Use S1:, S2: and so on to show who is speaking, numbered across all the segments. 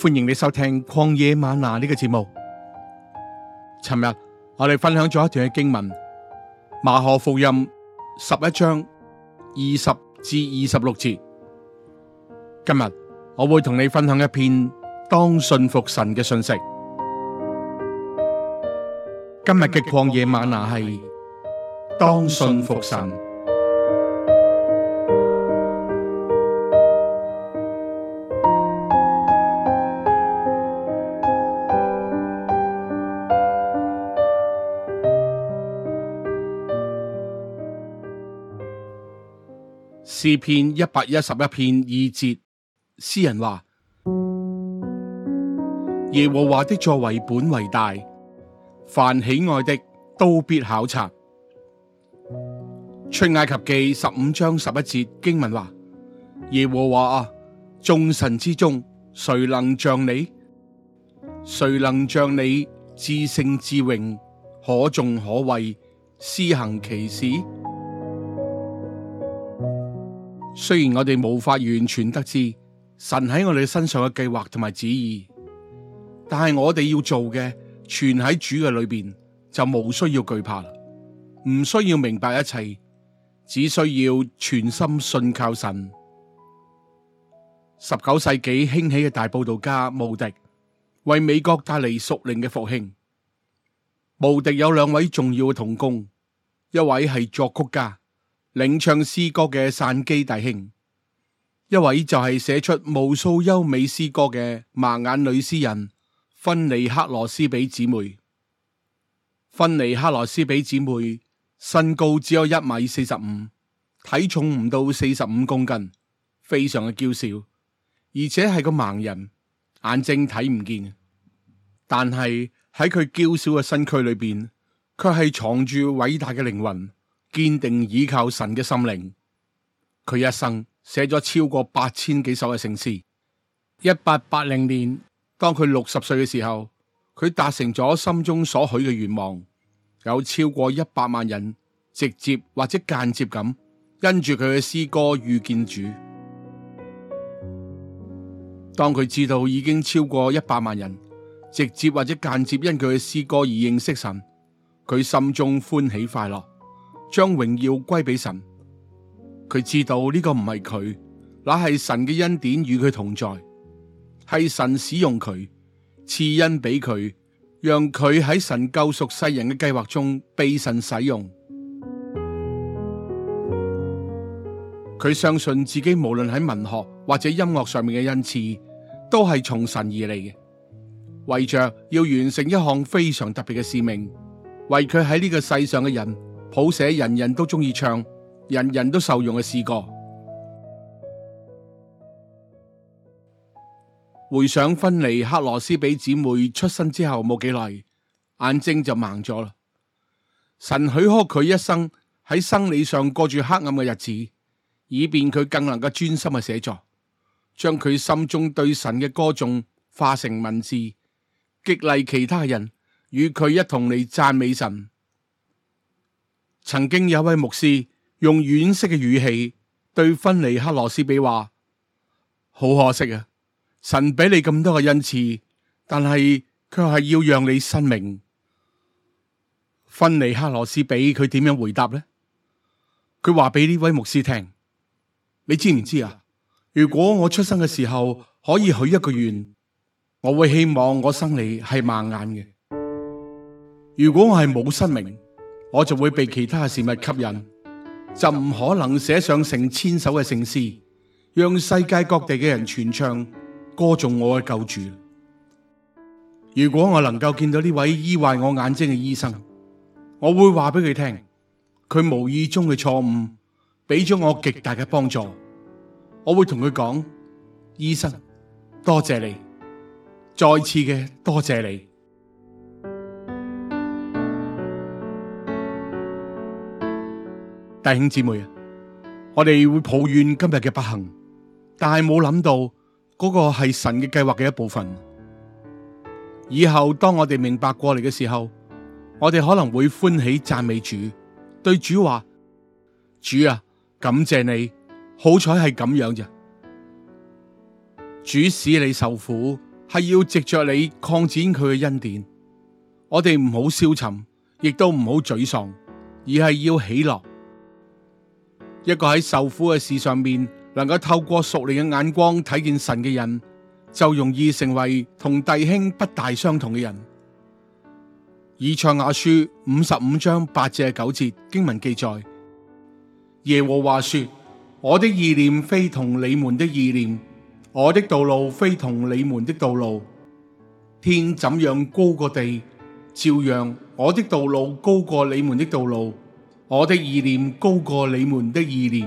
S1: 歡迎你收聽《曠野嗎哪》呢個節目。尋日我哋分享咗一段嘅經文《馬可福音》十一章二十至二十六節。今日我會同你分享一篇當信服神嘅信息。今日嘅曠野嗎哪係當信服神。詩篇一百一十一篇二節，詩人話：耶和華的作為本為大，凡喜愛的都必考察。出埃及記十五章十一節經文話：耶和華啊，眾神之中，誰能像你？誰能像你至聖至榮，可頌可畏，施行奇事？雖然我哋無法完全得知神喺我哋身上嘅計劃同埋旨意，但係我哋要做嘅全喺主嘅裏邊，就無需要懼怕，唔需要明白一切，只需要全心信靠神。十九世紀興起嘅大布道家慕迪，為美國帶嚟屬靈嘅復興。慕迪有兩位重要嘅同工，一位係作曲家。領唱詩歌嘅散機弟兄，一位就係寫出無數優美詩歌嘅盲眼女詩人芬尼克羅斯比姊妹。芬尼克羅斯比姊妹身高只有一米四十五，體重唔到四十五公斤，非常嘅嬌小，而且係個盲人，眼睛睇唔見。但係喺佢嬌小嘅身軀裏邊，卻係藏住偉大嘅靈魂。堅定倚靠神嘅心靈，佢一生寫咗超過八千幾首嘅聖詩。一八八零年，當佢六十歲嘅時候，佢達成咗心中所許嘅願望，有超過一百萬人直接或者間接咁因住佢嘅詩歌遇見主。當佢知道已經超過一百萬人直接或者間接因佢嘅詩歌而認識神，佢心中歡喜快樂。將榮耀歸俾神，佢知道呢個唔係佢，乃係神嘅恩典與佢同在，係神使用佢，賜恩俾佢，讓佢喺神救贖世人嘅計劃中被神使用。佢相信自己無論喺文學或者音樂上面嘅恩賜，都係從神而嚟嘅，為着要完成一項非常特別嘅使命，為佢喺呢個世上嘅人。譜寫人人都中意唱，人人都受用嘅詩歌。回想芬尼克羅斯比姊妹出生之後冇幾耐，眼睛就盲咗啦。神許可佢一生喺生理上過住黑暗嘅日子，以便佢更能夠專心嘅寫作，將佢心中對神嘅歌頌化成文字，激勵其他人與佢一同嚟讚美神。曾經有位牧師用惋惜嘅語氣對芬尼克羅斯比話：好可惜啊！神俾你咁多嘅恩賜，但係卻係要讓你失明。芬尼克羅斯比佢點樣回答呢？佢話俾呢位牧師聽：你知唔知啊？如果我出生嘅時候可以許一個願，我會希望我生你係盲眼嘅。如果我係冇失明。我就會被其他事物吸引，就唔可能寫上成千首嘅聖詩，讓世界各地嘅人傳唱歌頌我嘅救主。如果我能夠見到呢位醫壞我眼睛嘅醫生，我會話俾佢聽，佢無意中嘅錯誤俾咗我極大嘅幫助。我會同佢講，醫生，多謝你，再次嘅多謝你。弟兄姊妹啊，我哋會抱怨今日嘅不幸，但係冇諗到嗰個係神嘅計劃嘅一部分。以後當我哋明白過嚟嘅時候，我哋可能會歡喜讚美主，對主話：主啊，感謝你，好彩係咁樣啫。主使你受苦，係要藉着你擴展佢嘅恩典。我哋唔好消沉，亦都唔好沮喪，而係要喜樂。一個喺受苦嘅事上面能夠透過熟練嘅眼光睇見神嘅人，就容易成為同弟兄不大相同嘅人。以賽亞書五十五章八至九節經文記載：耶和華說，我的意念非同你們的意念，我的道路非同你們的道路。天怎樣高過地，照樣我的道路高過你們的道路。我的意念高過你們的意念。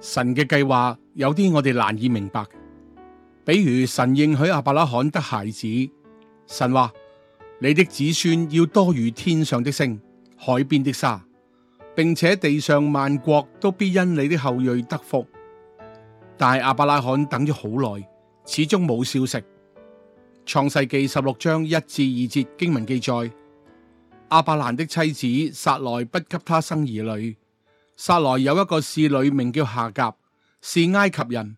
S1: 神嘅計劃有啲我哋難以明白，比如神應許亞伯拉罕得孩子，神話，你的子孫要多如天上的星、海邊的沙，並且地上萬國都必因你的後裔得福。但亞伯拉罕等咗好耐，始終冇消息。創世記十六章一至二節經文記載：亞伯蘭的妻子撒萊不給他生兒女。撒萊有一個侍女，名叫夏甲，是埃及人。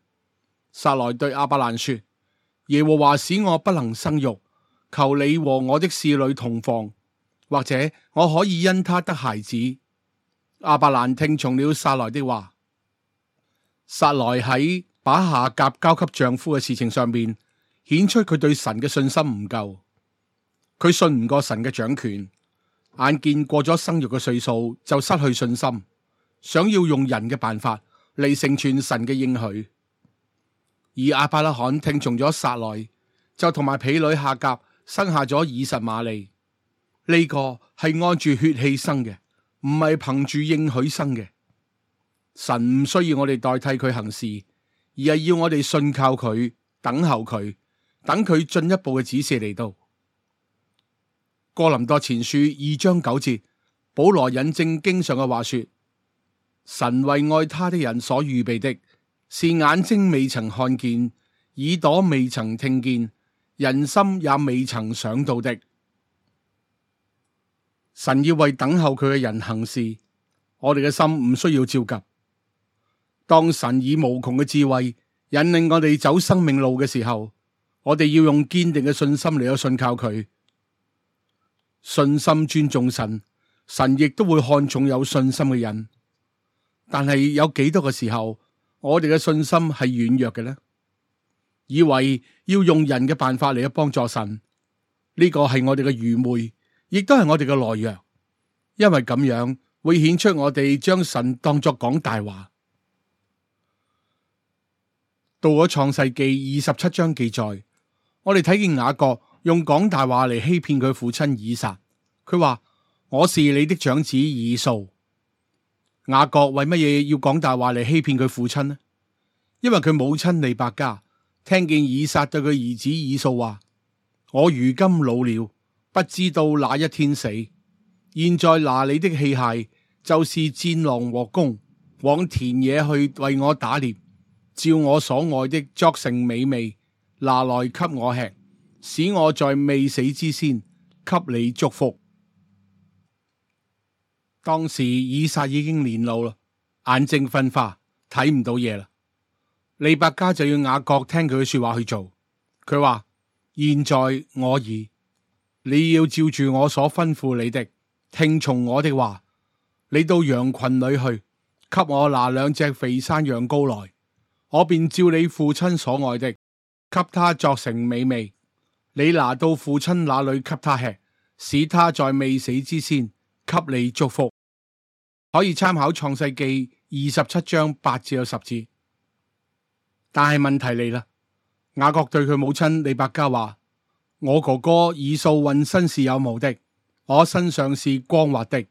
S1: 撒萊對亞伯蘭說：耶和華使我不能生育，求你和我的侍女同房，或者我可以因他得孩子。亞伯蘭聽從了撒萊的話。撒萊喺把夏甲交給丈夫嘅事情上面，顯出佢對神嘅信心唔夠，佢信唔過神嘅掌權，眼見過咗生育嘅歲數就失去信心，想要用人嘅辦法嚟成全神嘅應許。而亞伯拉罕聽從咗撒萊，就同埋婢女夏甲生下咗以實瑪利。呢、這個係按住血氣生嘅，唔係憑住應許生嘅。神唔需要我哋代替佢行事，而係要我哋信靠佢，等候佢。等佢進一步嘅指示嚟到，《哥林多前書》二章九節，保羅引證經上嘅話說：神為愛他的人所預備的，是眼睛未曾看見，耳朵未曾聽見，人心也未曾想到的。神要為等候佢嘅人行事，我哋嘅心唔需要焦急。當神以無窮嘅智慧引領我哋走生命路嘅時候。我哋要用堅定嘅信心嚟去信靠佢，信心尊重神，神亦都會看重有信心嘅人。但係有幾多個時候，我哋嘅信心係軟弱嘅呢？以為要用人嘅辦法嚟去幫助神，呢個係我哋嘅愚昧，亦都係我哋嘅懦弱，因為咁樣會顯出我哋將神當作講大話。到咗創世記二十七章記載。我哋睇見雅各用講大話嚟欺騙佢父親以撒，佢話我是你的長子以掃。雅各為乜嘢要講大話嚟欺騙佢父親呢？因為佢母親利伯家聽見以撒對佢兒子以掃話：我如今老了，不知道哪一天死。現在拿你的器械，就是戰狼和弓，往田野去為我打獵，照我所愛的作成美味。拿來給我吃，使我在未死之先給你祝福。當時以撒已經年老啦，眼睛昏花，睇唔到嘢啦。利百加就要雅各聽佢嘅說話去做。佢話：現在我兒，你要照住我所吩咐你的，聽從我的話。你到羊群裏去，給我拿兩隻肥山羊羔來，我便照你父親所愛的。給他做成美味，你拿到父親那裏給他吃，使他在未死之先給你祝福。可以參考創世記二十七章八至十節。但係問題嚟啦，雅各對佢母親利百加話：我哥哥以掃混身是有毛的，我身上是光滑的。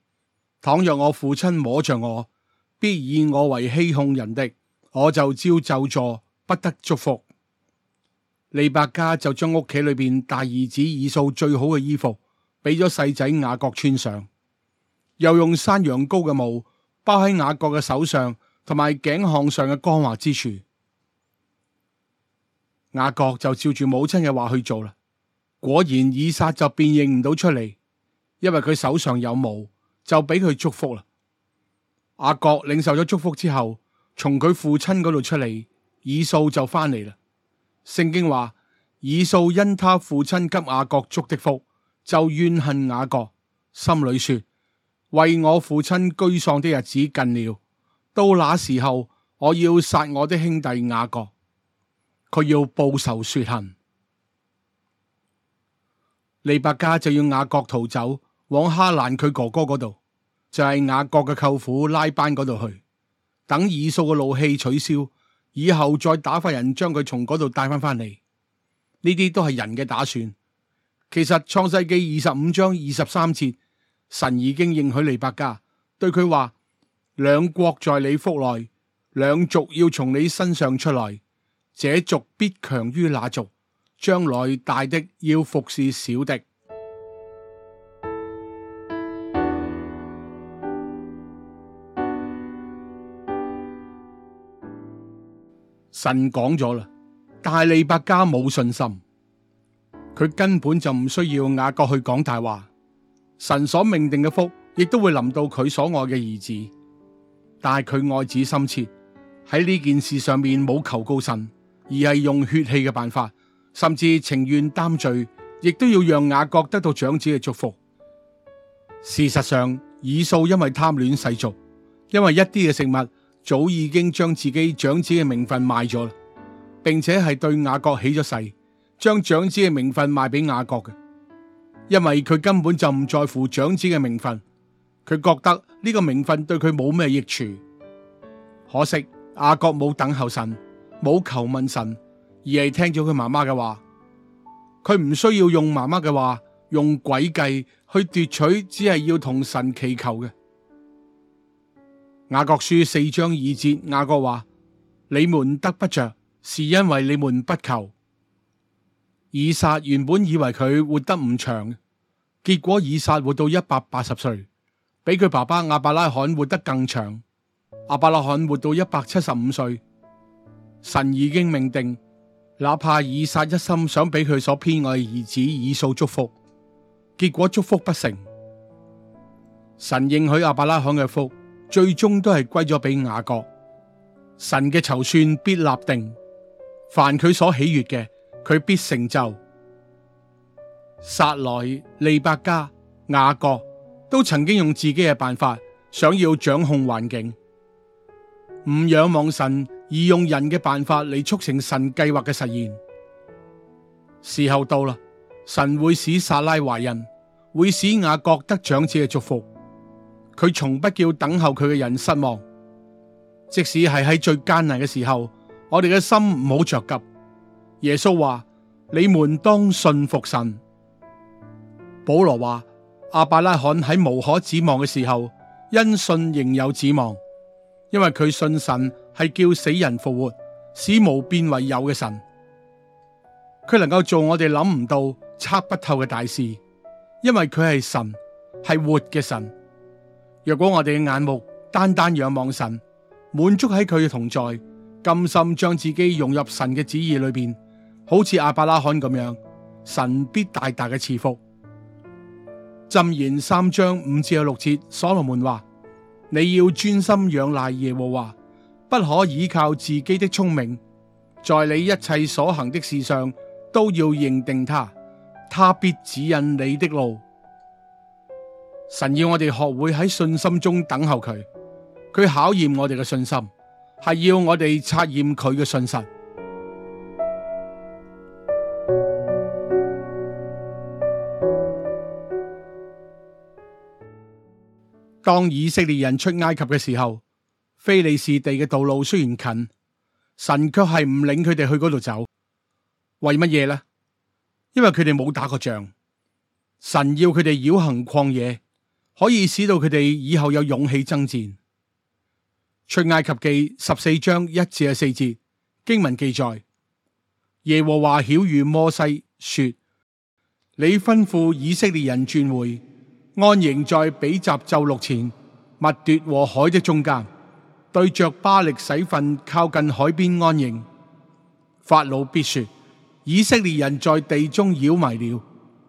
S1: 倘若我父親摸着我，必以我為欺哄人的，我就招咒詛，不得祝福。利百加就將屋企裏邊大兒子以掃最好嘅衣服，俾咗細仔雅各穿上，又用山羊羔嘅毛包喺雅各嘅手上同埋頸項上嘅光滑之處。雅各就照住母親嘅話去做啦，果然以撒就辨認唔到出嚟，因為佢手上有毛，就俾佢祝福啦。雅各領受咗祝福之後，從佢父親嗰度出嚟，以掃就返嚟啦。聖經話，以掃因他父親給雅各祝的福，就怨恨雅各，心裏說：為我父親居喪的日子近了，到那時候我要殺我的兄弟雅各，佢要報仇雪恨。利百加就要雅各逃走，往哈蘭佢哥哥嗰度，就係雅各嘅舅父拉班嗰度去，等以掃嘅怒氣取消。以後再打發人將佢從嗰度帶返返嚟，呢啲都係人嘅打算。其實創世記二十五章二十三節，神已經應許利百加，對佢話：兩國在你腹內，兩族要從你身上出來，這族必強於那族，將來大的要服侍小的。神講咗啦，大利百加冇信心，佢根本就唔需要雅各去講大話。神所命定嘅福，亦都會臨到佢所愛嘅兒子。但係佢愛子深切，喺呢件事上面冇求告神，而係用血氣嘅辦法，甚至情願擔罪，亦都要讓雅各得到長子嘅祝福。事實上，以掃因為貪戀世俗，因為一啲嘅食物。早已經將自己長子嘅名分賣咗啦，並且係對雅各起咗誓，將長子嘅名分賣俾雅各嘅。因為佢根本就唔在乎長子嘅名分，佢覺得呢個名分對佢冇咩益處。可惜雅各冇等候神，冇求問神，而係聽咗佢媽媽嘅話，佢唔需要用媽媽嘅話，用詭計去奪取，只係要同神祈求嘅。亞各書四章二節，亞各話：你們得不着，是因為你們不求。以撒原本以為佢活得唔長，結果以撒活到一百八十歲，比佢爸爸亞伯拉罕活得更長。亞伯拉罕活到一百七十五歲，神已經命定，哪怕以撒一心想俾佢所偏愛兒子以掃祝福，結果祝福不成，神應許亞伯拉罕嘅福。最終都係歸咗俾雅各，神嘅籌算必立定，凡佢所喜悅嘅，佢必成就。撒萊、利百加、雅各都曾經用自己嘅辦法，想要掌控環境，唔仰望神而用人嘅辦法嚟促成神計劃嘅實現。時候到啦，神會使撒拉懷孕，會使雅各得長子嘅祝福。佢從不叫等候佢嘅人失望，即使係喺最艱難嘅時候，我哋嘅心唔好着急。耶穌話：你們當信服神。保羅話：阿伯拉罕喺無可指望嘅時候，因信仍有指望，因為佢信神係叫死人復活，使無變為有嘅神。佢能夠做我哋諗唔到、測不透嘅大事，因為佢係神，係活嘅神。若果我哋嘅眼目單單仰望神，滿足喺佢嘅同在，甘心將自己融入神嘅旨意裏邊，好似亞伯拉罕咁樣，神必大大嘅賜福。《箴言》三章五至六節，所羅門話：你要專心仰賴耶和華，不可倚靠自己的聰明，在你一切所行的事上都要認定他，他必指引你的路。神要我哋學會喺信心中等候佢，佢考驗我哋嘅信心，係要我哋測驗佢嘅信實。當以色列人出埃及嘅時候，非利士地嘅道路雖然近，神卻係唔領佢哋去嗰度走，為乜嘢呢？因為佢哋冇打過仗，神要佢哋繞行曠野。可以使到佢哋以後有勇氣爭戰。出埃及記十四章一至四節經文記載：耶和華曉諭摩西說：你吩咐以色列人轉回安營在比哈希錄前密奪和海的中間，對着巴力洗分靠近海邊安營。法老必說：以色列人在地中繞迷了，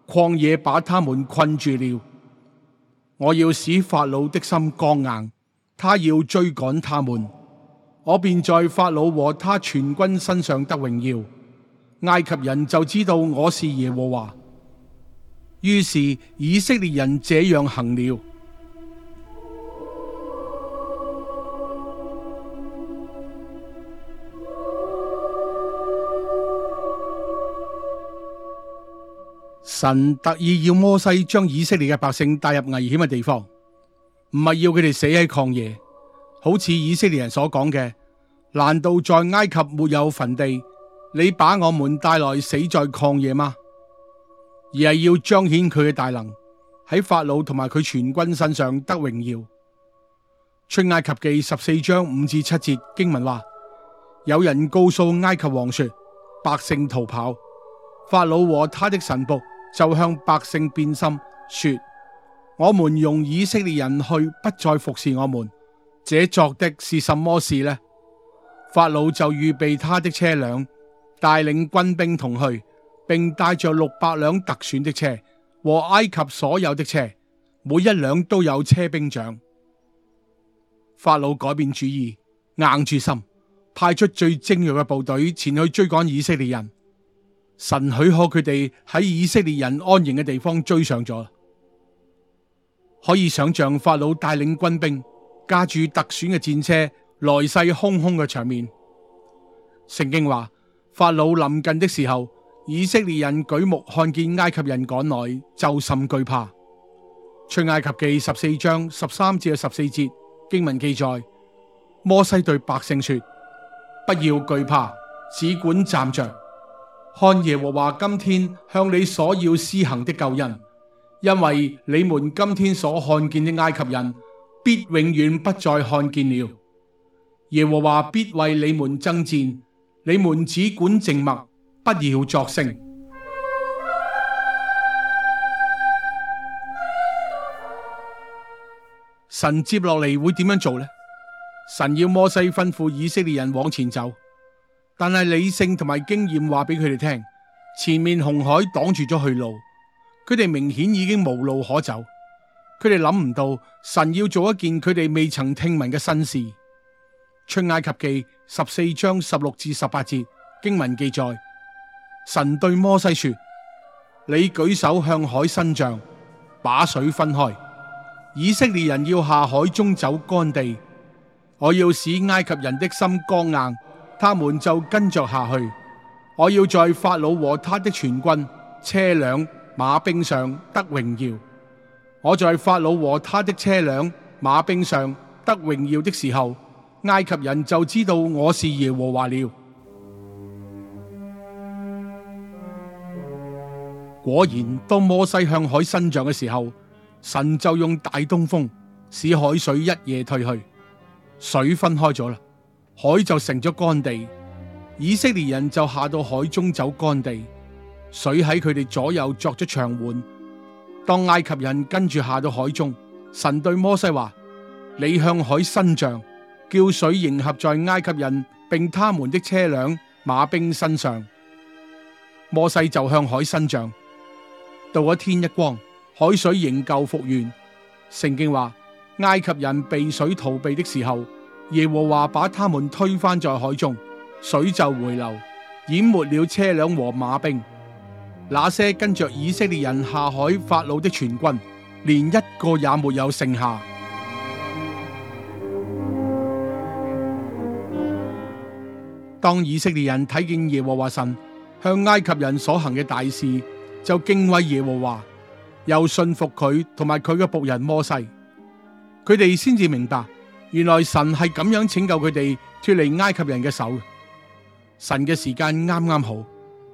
S1: 曠野把他們困住了。我要使法老的心剛硬，他要追趕他們，我便在法老和他全軍身上得榮耀。埃及人就知道我是耶和華。於是以色列人這樣行了。神特意要摩西將以色列嘅百姓帶入危險嘅地方，唔係要佢哋死喺曠野，好似以色列人所講嘅。難道在埃及沒有墳地，你把我們帶來死在曠野嗎？而係要彰顯佢嘅大能，喺法老同埋佢全軍身上得榮耀。出埃及記十四章五至七節經文話：有人告訴埃及王說，百姓逃跑，法老和他的臣僕就向百姓變心，說：我們容以色列人去，不再服侍我們。這作的是什麼事呢？法老就預備他的車輛，帶領軍兵同去，並帶着六百輛特選的車和埃及所有的車，每一輛都有車兵長。法老改變主意，硬住心，派出最精銳嘅部隊前去追趕以色列人。神許可佢哋喺以色列人安營嘅地方追上咗，可以想象法老帶領軍兵，駕住特選嘅戰車，來勢洶洶嘅場面。聖經話，法老臨近的時候，以色列人舉目看見埃及人趕來，就甚懼怕。出埃及記十四章十三至十四節經文記載，摩西對百姓說：不要懼怕，只管站着。看耶和華今天向你所要施行的救恩，因為你們今天所看見的埃及人，必永遠不再看見了。耶和華必為你們爭戰，你們只管靜默，不要作聲。神接落嚟會點樣做呢？神要摩西吩咐以色列人往前走。但係理性同埋經驗話俾佢哋聽，前面紅海擋住咗去路，佢哋明顯已經無路可走。佢哋諗唔到神要做一件佢哋未曾聽聞嘅新事。出埃及記十四章十六至十八節經文記載，神對摩西說：你舉手向海伸杖，把水分開，以色列人要下海中走乾地。我要使埃及人的心剛硬。他們就跟着下去。我要在法老和他的全軍、車輛、馬兵上得榮耀。我在法老和他的車輛、馬兵上得榮耀的時候，埃及人就知道我是耶和華了。果然，當摩西向海伸杖嘅時候，神就用大東風使海水一夜退去，水分開咗啦。海就成咗乾地，以色列人就下到海中走乾地，水喺佢哋左右作咗牆垣。當埃及人跟住下到海中，神對摩西話：你向海伸杖，叫水迎合在埃及人並他們的車輛、馬兵身上。摩西就向海伸杖，到咗天一光，海水仍舊復原。聖經話：埃及人避水逃避的時候。耶和華把他們推翻在海中，水就回流，淹沒了車輛和馬兵。那些跟着以色列人下海法老的全軍，連一個也沒有剩下。當以色列人睇見耶和華神向埃及人所行嘅大事，就敬畏耶和華，又信服佢同埋佢嘅僕人摩西，佢哋先至明白。原來神係咁樣拯救佢哋脱離埃及人嘅手，神嘅時間啱啱好，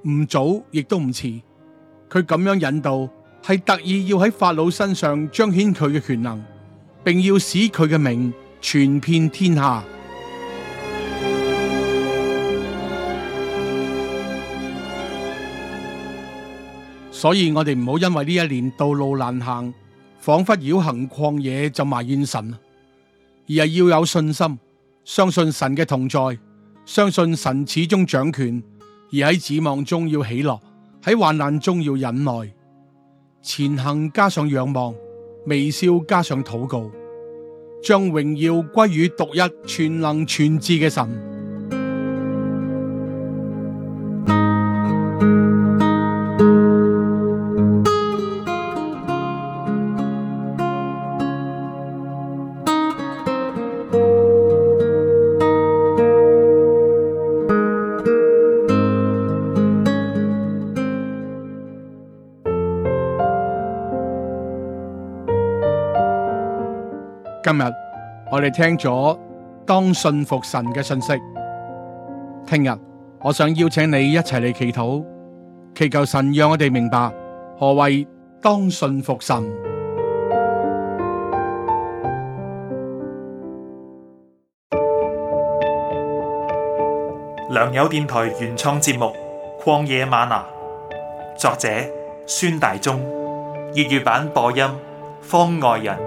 S1: 唔早亦都唔遲。佢咁樣引導，係特意要喺法老身上彰顯佢嘅權能，並要使佢嘅名傳遍天下。所以我哋唔好因為呢一年道路難行，仿佛繞行曠野就埋怨神。而係要有信心，相信神嘅同在，相信神始終掌權。而喺指望中要喜樂，喺患難中要忍耐。前行加上仰望，微笑加上禱告，將榮耀歸於獨一全能全智嘅神。今日我哋聽咗當信服神嘅信息，聽日我想邀請你一齊嚟祈禱，祈求神讓我哋明白何謂當信服神。良友電台原創節目《曠野嗎哪》，作者孫大中，粵語版播音方外人。